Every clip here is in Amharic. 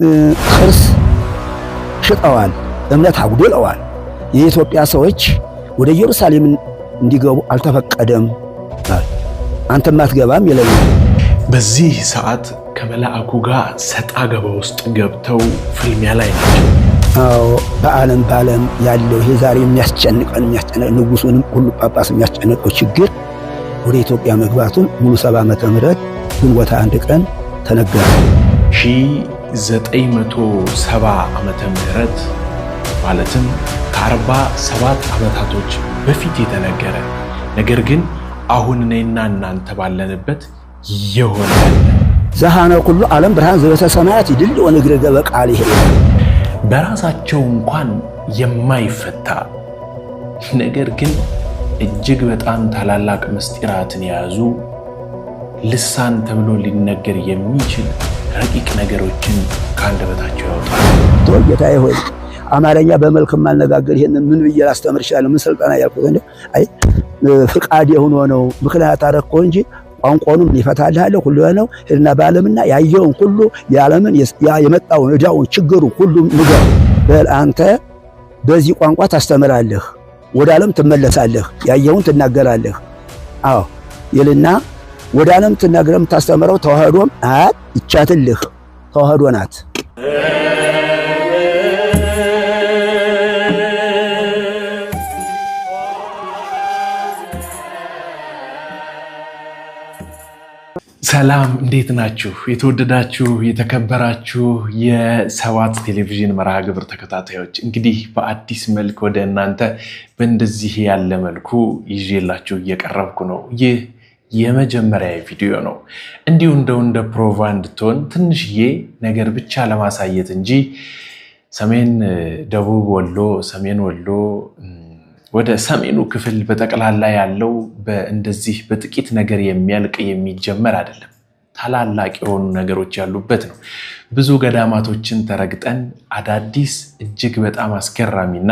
ቅርስ ሽጠዋል፣ እምነት አጉድለዋል። የኢትዮጵያ ሰዎች ወደ ኢየሩሳሌም እንዲገቡ አልተፈቀደም። አንተም አትገባም ይለኛል። በዚህ ሰዓት ከመላእኩ ጋር ሰጣ ገባ ውስጥ ገብተው ፍልሚያ ላይ ናቸው። አዎ በዓለም በዓለም ያለው ይሄ ዛሬ የሚያስጨንቀን የሚያስጨንቀን ንጉሱንም ሁሉ ጳጳስ የሚያስጨንቀው ችግር ወደ ኢትዮጵያ መግባቱን ሙሉ ሰባ ዓመተ ምህረት ግንቦት አንድ ቀን ተነገረ። 970 ዓመተ ምህረት ማለትም ከ47 ዓመታቶች በፊት የተነገረ ነገር ግን አሁን እኔና እናንተ ባለንበት የሆነ ዘሃነ ኩሉ ዓለም ብርሃን ዘበተ ሰማያት ይድል ወንግረ ገበ ይሄ በራሳቸው እንኳን የማይፈታ ነገር ግን እጅግ በጣም ታላላቅ ምስጢራትን የያዙ ልሳን ተብሎ ሊነገር የሚችል ረቂቅ ነገሮችን ከአንደበታቸው ያወጣል። ድሮ ጌታዬ ሆይ አማርኛ በመልክ ማልነጋገር ይህን ምን ብዬ ላስተምር እችላለሁ? ምን ስልጠና ያልኩ እንደ አይ ፍቃድ የሆኖ ነው ምክንያት አረግኮ እንጂ ቋንቋውንም ይፈታልሃለሁ ሁሉ ነው ሄድና በዓለምና ያየውን ሁሉ የዓለምን የመጣውን እዳውን ችግሩ ሁሉ ንገር በል አንተ በዚህ ቋንቋ ታስተምራለህ፣ ወደ ዓለም ትመለሳለህ፣ ያየውን ትናገራለህ። አዎ ይልና ወደ ዓለም ትናገር የምታስተምረው ተዋህዶም አያት ይቻትልህ ተዋህዶ ናት። ሰላም እንዴት ናችሁ? የተወደዳችሁ የተከበራችሁ የሰባት ቴሌቪዥን መርሃ ግብር ተከታታዮች እንግዲህ በአዲስ መልክ ወደ እናንተ በእንደዚህ ያለ መልኩ ይዤላችሁ እየቀረብኩ ነው። ይህ የመጀመሪያ ቪዲዮ ነው። እንዲሁ እንደው እንደ ፕሮቫ እንድትሆን ትንሽዬ ነገር ብቻ ለማሳየት እንጂ ሰሜን ደቡብ ወሎ፣ ሰሜን ወሎ ወደ ሰሜኑ ክፍል በጠቅላላ ያለው እንደዚህ በጥቂት ነገር የሚያልቅ የሚጀመር አይደለም። ታላላቅ የሆኑ ነገሮች ያሉበት ነው። ብዙ ገዳማቶችን ተረግጠን አዳዲስ እጅግ በጣም አስገራሚና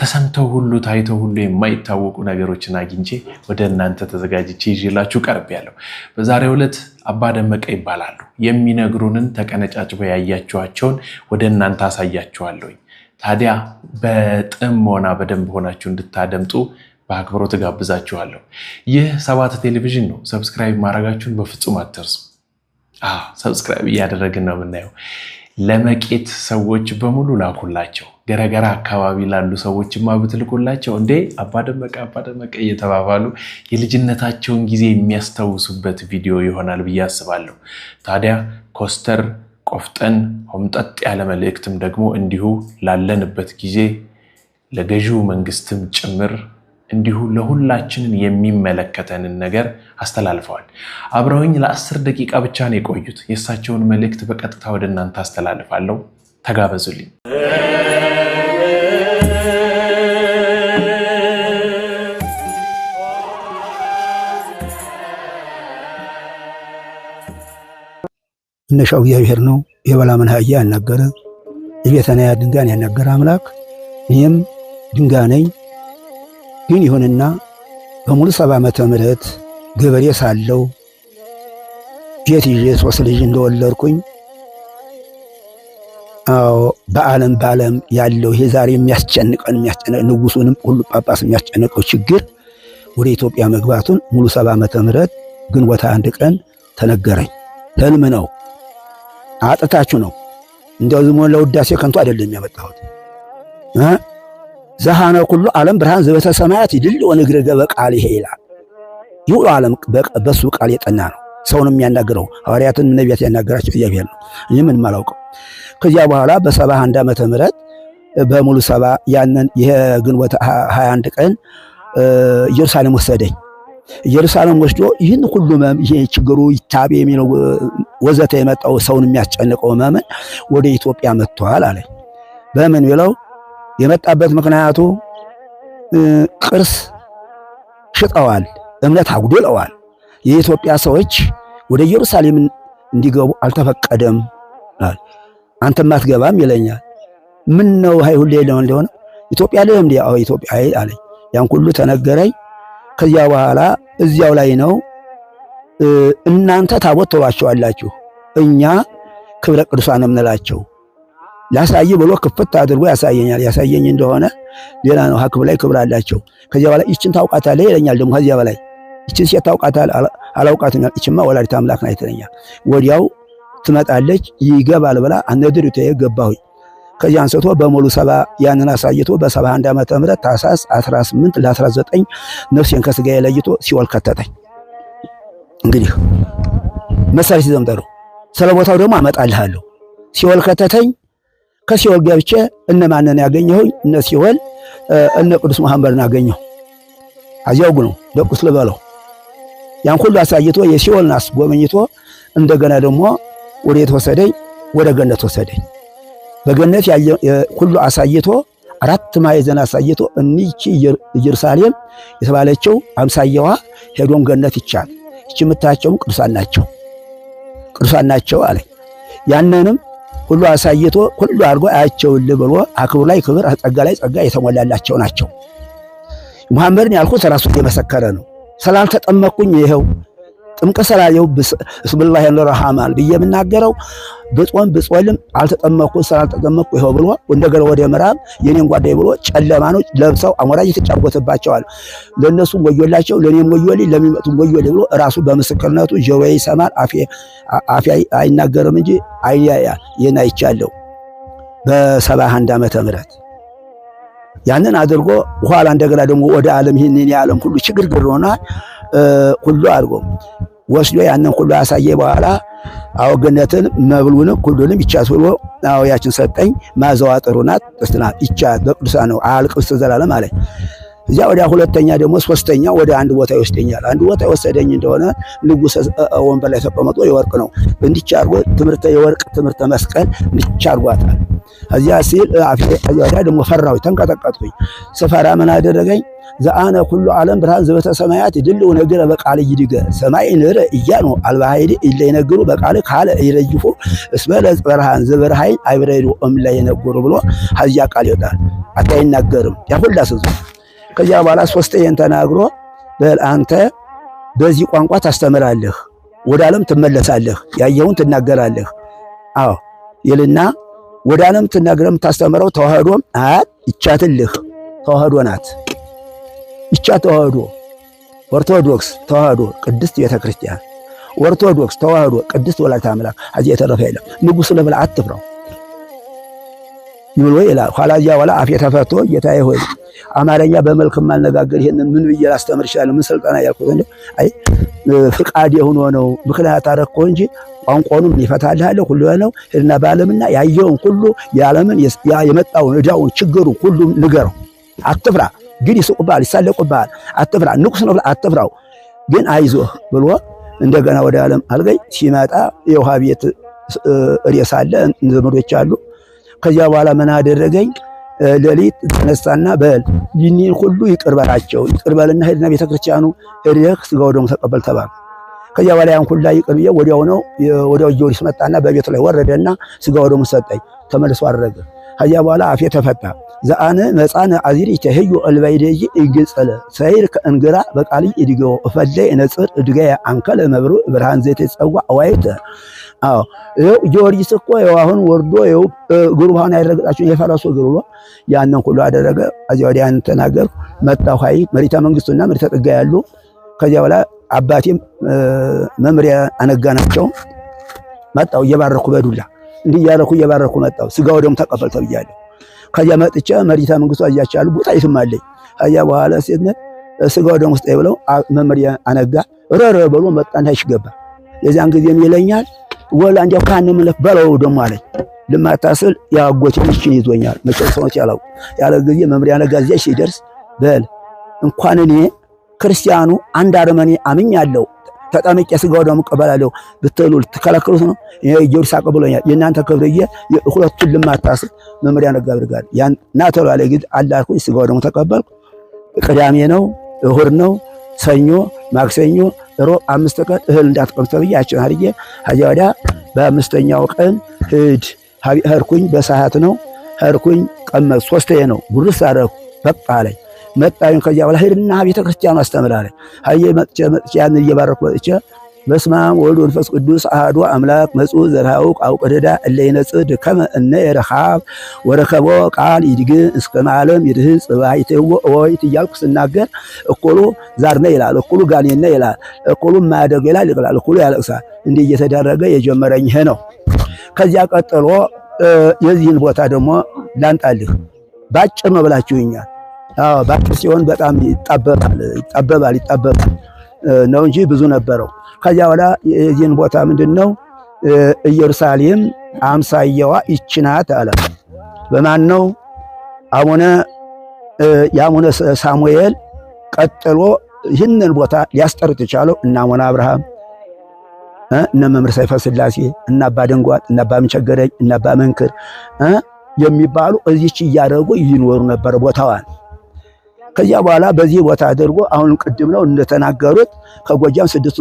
ተሰምተው ሁሉ ታይተው ሁሉ የማይታወቁ ነገሮችን አግኝቼ ወደ እናንተ ተዘጋጅቼ ይዤላችሁ ቀርቤያለሁ። በዛሬው ዕለት አባ ደመቀ ይባላሉ። የሚነግሩንን ተቀነጫጭ ያያችኋቸውን ወደ እናንተ አሳያችኋለሁኝ። ታዲያ በጥሞና በደንብ ሆናችሁ እንድታደምጡ በአክብሮት ትጋብዛችኋለሁ። ይህ ሰባት ቴሌቪዥን ነው። ሰብስክራይብ ማድረጋችሁን በፍጹም አትርሱ። ሰብስክራይብ እያደረግን ነው የምናየው። ለመቄት ሰዎች በሙሉ ላኩላቸው። ገረገራ አካባቢ ላሉ ሰዎችማ ብትልኩላቸው እንዴ አባደመቀ አባደመቀ እየተባባሉ የልጅነታቸውን ጊዜ የሚያስታውሱበት ቪዲዮ ይሆናል ብዬ አስባለሁ። ታዲያ ኮስተር ቆፍጠን ሆምጠጥ ያለ መልእክትም ደግሞ እንዲሁ ላለንበት ጊዜ ለገዢው መንግስትም ጭምር እንዲሁ ለሁላችንን የሚመለከተንን ነገር አስተላልፈዋል። አብረውኝ ለአስር ደቂቃ ብቻ ነው የቆዩት። የእሳቸውን መልእክት በቀጥታ ወደ እናንተ አስተላልፋለሁ። ተጋበዙልኝ። መነሻው እግዚአብሔር ነው። የበላ አህያ ያናገረ የቤተናያ ድንጋን ድንጋይን ያናገረ አምላክ እኔም ድንጋይ ነኝ ግን ይሁንና በሙሉ ሰባ ዓመተ ምህረት ገበሬ ሳለው ቤት ይዤ ሶስት ልጅ እንደወለድኩኝ አዎ በዓለም በዓለም ያለው ይሄ ዛሬ የሚያስጨንቀን የሚያስጨንቀ ንጉሱንም ሁሉ ጳጳስ የሚያስጨንቀው ችግር ወደ ኢትዮጵያ መግባቱን ሙሉ ሰባ ዓመተ ምህረት ግንቦት አንድ ቀን ተነገረኝ። ህልም ነው፣ አጥታችሁ ነው። እንዲያው ዝም ለውዳሴ ከንቱ አይደለም ያመጣሁት። ዘሃነ ኩሉ ዓለም ብርሃን ዘበተ ሰማያት ይድል ወንግረ ገበ ይሄ ይላል። ይሁ ዓለም በሱ ቃል የጠና ነው። ሰውን የሚያናግረው ሐዋርያትን ነቢያት ያናገራቸው እግዚአብሔር ነው። እኔ ምንም አላውቅም። ከዚያ በኋላ በሰባ አንድ ዓመተ ምህረት በሙሉ ሰባ ያንን ይሄ 21 ቀን ኢየሩሳሌም ወሰደኝ። ኢየሩሳሌም ወስዶ ይህን ሁሉ መም ይሄ ችግሩ ይታቤ የሚለው ወዘተ የመጣው ሰውን የሚያስጨንቀው መምን ወደ ኢትዮጵያ መጥተዋል አለኝ። በምን ብለው የመጣበት ምክንያቱ ቅርስ ሽጠዋል፣ እምነት አጉድለዋል። የኢትዮጵያ ሰዎች ወደ ኢየሩሳሌም እንዲገቡ አልተፈቀደም። አንተም አትገባም ይለኛል። ምን ነው ሀይ ሁሌ ነው እንደሆነ ኢትዮጵያ ላይ እንዲ አዎ ኢትዮጵያ አይ አለኝ። ያን ሁሉ ተነገረኝ። ከዚያ በኋላ እዚያው ላይ ነው እናንተ ታቦት ተባችኋላችሁ፣ እኛ ክብረ ቅዱሳን እምንላቸው ያሳይ ብሎ ክፍት አድርጎ ያሳየኛል። ያሳየኝ እንደሆነ ሌላ ነው። ሀክብ ላይ ክብር አላቸው። ከዚያ በላይ ይችን ታውቃታለህ ይለኛል። ደግሞ ከዚያ በላይ ይችን ሴት ታውቃታለህ? አላውቃትም። ይችማ ወላዲተ አምላክ ናት ይለኛል። ወዲያው ትመጣለች ይገባል ብላ አነድር ተየ ገባሁኝ። ከዚህ አንስቶ በሙሉ ሰባ ያንን አሳይቶ በ71 ዓመተ ምህረት ታኅሳስ 18 ለ19 ነፍሴን ከስጋዬ ለይቶ ሲወል ከተተኝ። እንግዲህ መሰረት ይዘምጠሩ ስለ ቦታው ደግሞ አመጣልሃለሁ። ሲወል ከተተኝ ከሲኦል ገብቼ እነ ማንን ያገኘሁኝ? እነ ሲኦል እነ ቅዱስ መሐመድን አገኘሁ። አዚያው ነው ደቁስ ልበለው። ያን ሁሉ አሳይቶ የሲኦልን አስጎብኝቶ እንደገና ደግሞ ወዴት ወሰደኝ? ወደ ገነት ወሰደኝ። በገነት ሁሉ አሳይቶ አራት ማዕዘን አሳይቶ እኒቺ ኢየሩሳሌም የተባለችው አምሳየዋ ሄዶም ገነት ይቻል ይች የምታቸውም ቅዱሳን ናቸው ቅዱሳን ናቸው አለኝ። ያንንም ሁሉ አሳይቶ ሁሉ አድርጎ አያቸውል ብሎ አክብር ላይ ክብር፣ ጸጋ ላይ ጸጋ የተሞላላቸው ናቸው። ሙሐመድን ያልኩት ራሱ እየመሰከረ ነው። ስላልተጠመቅኩኝ ይኸው ጥምቀሰላየው ብስምላህ ረሃማን ብዬ የምናገረው ብጾም ብጾልም አልተጠመኩ ስላልተጠመኩ ይኸው ብሎ እንደገና ወደ ምዕራብ የኔን ጓዳይ ብሎ ጨለማ ነው ለብሰው አሞራጅ የተጫወተባቸዋል። ለእነሱም ወዮላቸው፣ ለእኔም ወዮሌ፣ ለሚመጡም ወዮሌ ብሎ ራሱ በምስክርነቱ ጆሮዬ ይሰማል፣ አፌ አይናገርም እንጂ አይን ያያል። ይህን አይቻለሁ በሰባ አንድ ዓመተ ምህረት ያንን አድርጎ ኋላ እንደገና ደግሞ ወደ ዓለም ይህንን የዓለም ሁሉ ችግር ግር ሆኗል ሁሉ አድርጎ ወስዶ ያንን ሁሉ አሳየ። በኋላ ገነትን መብሉን ሁሉንም ይቻት ብሎ አዎ ያችን ሰጠኝ። ማዘዋ ጥሩ ይቻ ቅድስት ናት፣ ይቻት በቅዱሳን ነው አልቅስ ዘላለም አለኝ። እዚያ ወደ ሁለተኛ ደግሞ ሶስተኛ ወደ አንድ ቦታ ይወስደኛል። አንድ ቦታ የወሰደኝ እንደሆነ ንጉሥ ወንበር ላይ ተቀምጦ የወርቅ ነው እንዲቻ አርጎ ትምህርተ የወርቅ ትምህርተ መስቀል እንዲቻ አርጓታል። እዚያ ሲል ወዲያ ደግሞ ፈራሁኝ፣ ተንቀጠቀጥኩኝ። ስፈራ ምን አደረገኝ? ዘአነ ኩሉ ዓለም ብርሃን ዘበተ ሰማያት ድልው ነገረ በቃል ይድገ ሰማይ ንረ እያ ነው አልባሃይድ ይለይነግሩ በቃል ካለ ይረጅፉ እስበለ ለጽ ብርሃን ዘበርሃይን አይብረዱ እምላይ ይነግሩ ብሎ ሀዚያ ቃል ይወጣል። አታ ያሁላ ስዙ ከዚያ በኋላ ሶስተኛን ተናግሮ አንተ በዚህ ቋንቋ ታስተምራለህ፣ ወደ ዓለም ትመለሳለህ፣ ያየውን ትናገራለህ። አዎ ይልና ወደ ዓለም ትናገረም ታስተምረው ተዋህዶም አያት ይቻትልህ ተዋህዶ ናት። ይቻ ተዋህዶ ኦርቶዶክስ ተዋህዶ ቅድስት ቤተ ክርስቲያን ኦርቶዶክስ ተዋህዶ ቅድስት ወላዲተ አምላክ። አዚ የተረፈ የለም። ንጉሥ ለብልዓት ትፍራው ይብሎ ይላል። ኋላ እዚያ በኋላ አፌ ተፈቶ ጌታዬ ሆይ አማርኛ በመልክ አልነጋገር ይሄንን ምን ብዬ ላስተምር እችላለሁ? ምን ስልጠና ያልኩት እንዴ? አይ ፍቃድ የሆነ ነው ምክንያት አረኮ እንጂ ቋንቋውንም ይፈታልሃለሁ ሁሉ ነው እና በዓለምና ያየውን ሁሉ የዓለምን የመጣውን እዳውን ችግሩ ሁሉ ንገረው። አትፍራ፣ ግን ይስቁብሃል፣ ይሳለቁብሃል። አትፍራ፣ ንቁስ ነው አትፍራው፣ ግን አይዞህ ብሎ እንደገና ወደ ዓለም አልገኝ ሲመጣ የውሃ ቤት ሬሳ አለ ዘመዶች አሉ ከዚያ በኋላ ምን አደረገኝ? ሌሊት ተነሳና በል ይህንን ሁሉ ይቅር በላቸው። ይቅር በልና ሄድና ቤተክርስቲያኑ ሄደህ ስጋ ወደሙ ተቀበል ተባሉ። ከዚያ በኋላ ያን ሁላ ይቅር ብዬ ወዲያው ነው ወዲያው ጊዮርጊስ መጣና በቤቱ ላይ ወረደና ስጋ ወደሙ ሰጠኝ። ተመልሶ አደረገ። ከዚያ በኋላ አፌ ተፈታ። ዘአነ መጻነ አዚር ይተህዩ አልባይደይ እግጸለ ሰይር ከእንግራ በቃሊ እድገው እፈለይ ነጽር እድገ አንከለ መብሩ ብርሃን ዘይት ጸዋ አዋይተ አዎ ይኸው ጊዮርጊስ እኮ ይኸው አሁን ወርዶ ይኸው ግሩባን ያረጋጣቸው የፈረሱ ግሩባ ያንን ሁሉ አደረገ። እዚያ ወዲያ ያን ተናገር መጣ ኋይ መሪታ መንግስቱና መሪታ ጥጋ ያሉ ከዚያ በኋላ አባቴም መምሪያ አነጋ ናቸው መጣው እየባረኩ በዱላ እንዲህ እያረኩ እየባረኩ መጣው ስጋው ደግሞ ተቀበል ተብያለሁ። ከዚያ መጥቼ መሪታ መንግስቱ አያቻ ያሉ ቦታ ይስም አለኝ ከዚያ በኋላ ሴትነት ስጋው ደግሞ ስጠይ ብለው መምሪያ አነጋ ረረ ብሎ መጣና ይሽገባ የዚያን ጊዜም ይለኛል ወላ እንዲያው ካንምለፍ በለው ደግሞ አለኝ። ልማታስል የአጎቴ ምችን ይዞኛል። መቼም ሰዎች ያለው ያለ ጊዜ መምሪያ ነጋ እዚያ ሲደርስ በል እንኳን እኔ ክርስቲያኑ አንድ አረመኔ አምኛለሁ ተጠምቄ ስጋው ደሞ እቀበላለሁ ብትሉ ልትከለክሉት ነው? ይሄ ጊዮርጊስ አቀብሎኛል። የእናንተ ክብርዬ ሁለቱን ልማታስል መምሪያ ነጋ ብርጋል ናተሉ ያለ ጊዜ አላልኩኝ። ስጋው ደሞ ተቀበልኩ። ቅዳሜ ነው እሁድ ነው ሰኞ ማክሰኞ ሮብ አምስት ቀን እህል እንዳትቀምስ ተብዬ ያችን አድርጌ ከዚያ ወዲያ በአምስተኛው ቀን ሂድ ሀርኩኝ በሰዓት ነው ሀርኩኝ ቀመጥ ሶስተዬ ነው ጉርስ አደረኩ። በቃ አለኝ መጣኝ። ከዚያ በኋላ ሂድና ቤተክርስቲያኑ አስተምራለኝ። ሀዬ መጥቼ መጥቼ ያን እየባረኩ መጥቼ በስማም ወልድ ወንፈስ ቅዱስ አህዱ አምላክ መፁ ዘርሃውቅ አውቀደዳ እለይነጽ ከመ እነ የረሃብ ወረከቦ ቃል ይድግ እስከ ማለም ይድህ ጽባይቴዎ ወይት እያልኩ ስናገር እኮሉ ዛርነ ይላል፣ እኮሉ ጋኔነ ይላል፣ እኮሉ ማያደርግ ይላል፣ ይቅላል፣ እኮሉ ያለቅሳል። እንዲህ እየተደረገ የጀመረኝ ይሄ ነው። ከዚያ ቀጥሎ የዚህን ቦታ ደግሞ ላንጣልህ። ባጭር ነው ብላችሁኛል። ባጭር ሲሆን በጣም ይጣበባል፣ ይጣበባል፣ ይጣበባል ነው እንጂ ብዙ ነበረው። ከዚያ በኋላ የዚህን ቦታ ምንድን ነው ኢየሩሳሌም አምሳየዋ ይችናት ናት አለ። በማን ነው? አቡነ የአቡነ ሳሙኤል ቀጥሎ ይህንን ቦታ ሊያስጠርት የቻለው እና አቡነ አብርሃም እነ መምህር ሰይፈ ስላሴ እና አባ ደንጓል እና አባ ምቸገረኝ እና አባ መንክር የሚባሉ እዚች እያደረጉ ይኖሩ ነበር ቦታዋን ከዚያ በኋላ በዚህ ቦታ አድርጎ አሁን ቅድም ነው እንደተናገሩት ከጎጃም ስድስቱ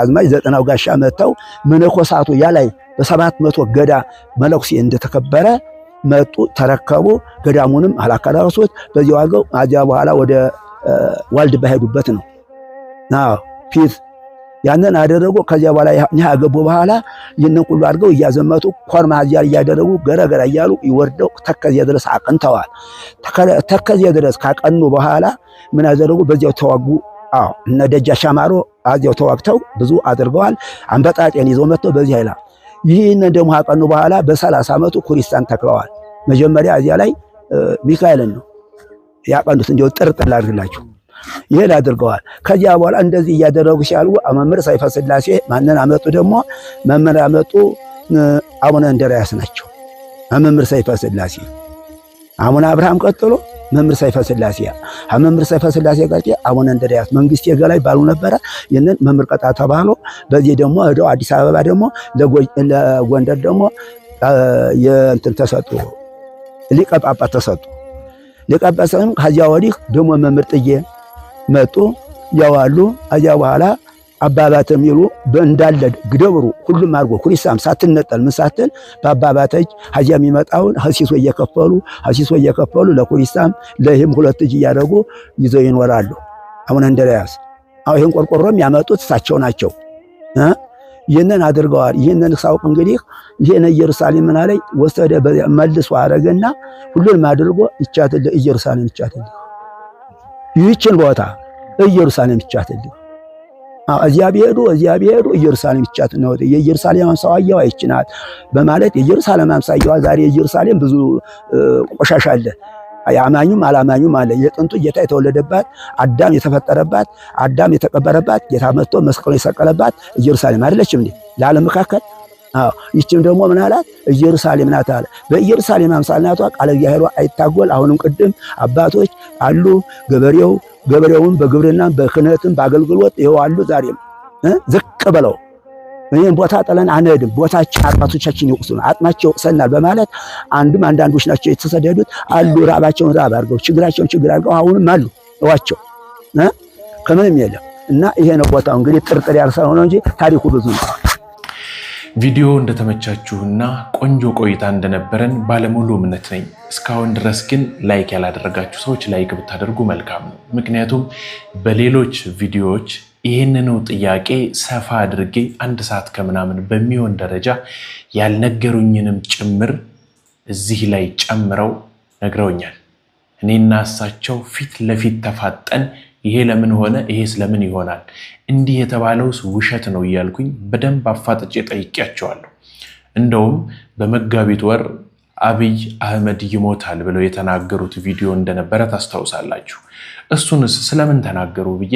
አዝማች ዘጠናው ጋሻ መጥተው መነኮሳቱ ያ ላይ በሰባት መቶ ገዳ መለኩሴ እንደተከበረ መጡ፣ ተረከቡ። ገዳሙንም አላካላሱት በዚያው አድርገው አዚያ በኋላ ወደ ዋልድባ ሄዱበት ነው ፊት ያንን አደረጉ። ከዚያ በኋላ እኛ ገቡ። በኋላ ይህንን ሁሉ አድርገው እያዘመቱ ኮርማ እዚያ እያደረጉ ገረገራ እያሉ ይወርደው ተከዚያ ድረስ አቅንተዋል። ተከዚያ ድረስ ካቀኑ በኋላ ምን አደረጉ? በዚያው ተዋጉ። አዎ እነ ደጃች አማሮ አዚያው ተዋግተው ብዙ አድርገዋል። አንበጣጤን ይዘው መጥተው በዚህ አይላ ይህንን ደግሞ አቀኑ በኋላ በሰላሳ ዓመቱ ኩሪስታን ተክለዋል። መጀመሪያ እዚያ ላይ ሚካኤልን ነው ያቀኑት። እንዲያው ጥርጥር ላድርግላችሁ ይህን አድርገዋል። ከዚያ በኋላ እንደዚህ እያደረጉ ሲያሉ መምህር ሰይፈ ስላሴ ማንን አመጡ? ደግሞ መምህር አመጡ። አቡነ እንድርያስ ናቸው። መምህር ሰይፈ ስላሴ አቡነ አብርሃም ቀጥሎ መምህር ሰይፈ ስላሴ መምህር ሰይፈ ስላሴ ቀጥ አቡነ እንድርያስ መንግስት የገላይ ባሉ ነበረ። ይህንን መምህር ቀጣ ተባሎ በዚህ ደግሞ ሄደው አዲስ አበባ ደግሞ ለጎንደር ደግሞ የእንትን ተሰጡ ሊቀ ጳጳስ ተሰጡ። ሊቀ ጳጳስም ከዚያ ወዲህ ደግሞ መምህር ጥዬ መጡ ያዋሉ አያ በኋላ አባባተ ሚሉ እንዳለ ግደብሩ ሁሉም አድርጎ ኩሪሳም ሳትነጠል ምን ሳትል በአባባተች ሀያ የሚመጣውን ሀሲሶ እየከፈሉ ሀሲሶ እየከፈሉ ለኩሪሳም ለህም ሁለት እጅ እያደረጉ ይዘው ይኖራሉ። አሁን እንደለያስ አሁን ይህን ቆርቆሮም ያመጡት እሳቸው ናቸው። ይህንን አድርገዋል። ይህንን ሳውቅ እንግዲህ ይህን ኢየሩሳሌም አለኝ ወሰደ መልሶ አረገና ሁሉንም አድርጎ ይቻትል ኢየሩሳሌም ይቻትል ይህችን ቦታ ኢየሩሳሌም ይቻት አይደል? እዚያ ቢሄዱ እዚያ ቢሄዱ ኢየሩሳሌም ይቻት ነው። የኢየሩሳሌም አምሳያዋ ይህች በማለት የኢየሩሳሌም አምሳያዋ ዛሬ የኢየሩሳሌም ብዙ ቆሻሻ አለ። አማኙም አላማኙም አለ። የጥንቱ ጌታ የተወለደባት አዳም የተፈጠረባት አዳም የተቀበረባት ጌታ መጥቶ መስቀሉን የሰቀለባት ኢየሩሳሌም አይደለችም እንዴ? ለዓለም መካከል ይችም ደግሞ ምን አላት? ኢየሩሳሌም ናት አለ። በኢየሩሳሌም አምሳል ናቷ ቃለ እግዚአብሔሯ አይታጎል። አሁንም ቅድም አባቶች አሉ፣ ገበሬው ገበሬውን በግብርና በክህነትም በአገልግሎት ይኸው አሉ። ዛሬም ዝቅ ብለው ይህን ቦታ ጥለን አንሄድም፣ ቦታችን አባቶቻችን ይወቅሱናል፣ አጥማቸው ይወቅሰናል በማለት አንድም አንዳንዶች ናቸው የተሰደዱት አሉ። ራባቸውን ራብ አድርገው ችግራቸውን ችግር አድርገው አሁንም አሉ እዋቸው ከምንም የለም እና ይሄ ነው ቦታው እንግዲህ ጥርጥር ያርሳል ነው እንጂ ታሪኩ ብዙ ነው። ቪዲዮ እንደተመቻችሁና ቆንጆ ቆይታ እንደነበረን ባለሙሉ እምነት ነኝ። እስካሁን ድረስ ግን ላይክ ያላደረጋችሁ ሰዎች ላይክ ብታደርጉ መልካም ነው። ምክንያቱም በሌሎች ቪዲዮዎች ይህንኑ ጥያቄ ሰፋ አድርጌ አንድ ሰዓት ከምናምን በሚሆን ደረጃ ያልነገሩኝንም ጭምር እዚህ ላይ ጨምረው ነግረውኛል። እኔና እሳቸው ፊት ለፊት ተፋጠን ይሄ ለምን ሆነ፣ ይሄስ ለምን ይሆናል፣ እንዲህ የተባለውስ ውሸት ነው እያልኩኝ በደንብ አፋጥጬ ጠይቄያቸዋለሁ። እንደውም በመጋቢት ወር አብይ አህመድ ይሞታል ብለው የተናገሩት ቪዲዮ እንደነበረ ታስታውሳላችሁ። እሱንስ ስለምን ተናገሩ ብዬ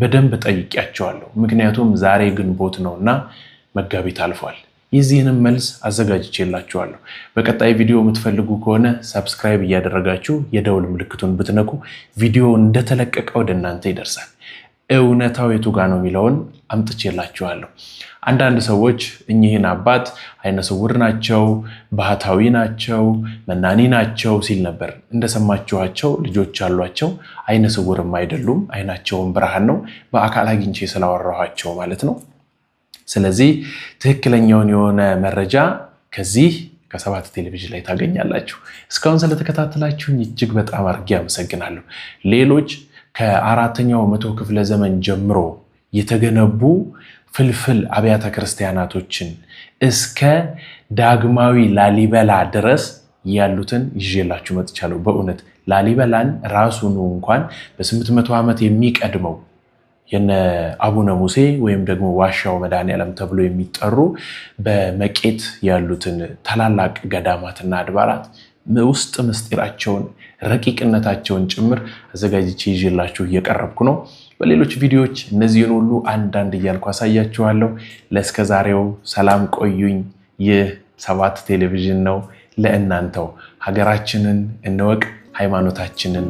በደንብ ጠይቄያቸዋለሁ። ምክንያቱም ዛሬ ግንቦት ነውና መጋቢት አልፏል። የዚህንም መልስ አዘጋጅቼላችኋለሁ። በቀጣይ ቪዲዮ የምትፈልጉ ከሆነ ሰብስክራይብ እያደረጋችሁ የደውል ምልክቱን ብትነኩ ቪዲዮ እንደተለቀቀ ወደ እናንተ ይደርሳል። እውነታው የቱ ጋ ነው የሚለውን አምጥቼላችኋለሁ። አንዳንድ ሰዎች እኚህን አባት አይነ ስውር ናቸው፣ ባህታዊ ናቸው፣ መናኒ ናቸው ሲል ነበር። እንደሰማችኋቸው ልጆች አሏቸው። አይነ ስውርም አይደሉም፣ አይናቸውም ብርሃን ነው። በአካል አግኝቼ ስላወራኋቸው ማለት ነው። ስለዚህ ትክክለኛውን የሆነ መረጃ ከዚህ ከሰባት ቴሌቪዥን ላይ ታገኛላችሁ። እስካሁን ስለተከታተላችሁኝ እጅግ በጣም አድርጌ አመሰግናለሁ። ሌሎች ከአራተኛው መቶ ክፍለ ዘመን ጀምሮ የተገነቡ ፍልፍል አብያተ ክርስቲያናቶችን እስከ ዳግማዊ ላሊበላ ድረስ ያሉትን ይዤላችሁ መጥቻለሁ። በእውነት ላሊበላን ራሱኑ እንኳን በ800 ዓመት የሚቀድመው የነ አቡነ ሙሴ ወይም ደግሞ ዋሻው መድኃኔዓለም ተብሎ የሚጠሩ በመቄት ያሉትን ታላላቅ ገዳማትና አድባራት ውስጥ ምስጢራቸውን ረቂቅነታቸውን ጭምር አዘጋጅቼ ይዤላችሁ እየቀረብኩ ነው። በሌሎች ቪዲዮዎች እነዚህን ሁሉ አንዳንድ እያልኩ አሳያችኋለሁ። ለእስከ ዛሬው ሰላም ቆዩኝ። ይህ ሰባት ቴሌቪዥን ነው። ለእናንተው ሀገራችንን እንወቅ፣ ሃይማኖታችንን